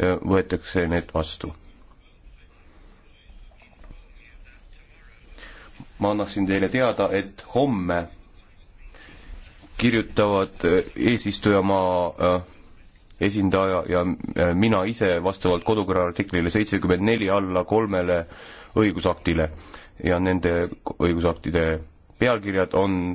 võetakse need vastu. ma annaksin teile teada, et homme kirjutavad eesistujamaa äh, esindaja ja äh, mina ise vastavalt kodukorra artiklile seitsekümmend neli alla kolmele õigusaktile ja nende õigusaktide pealkirjad on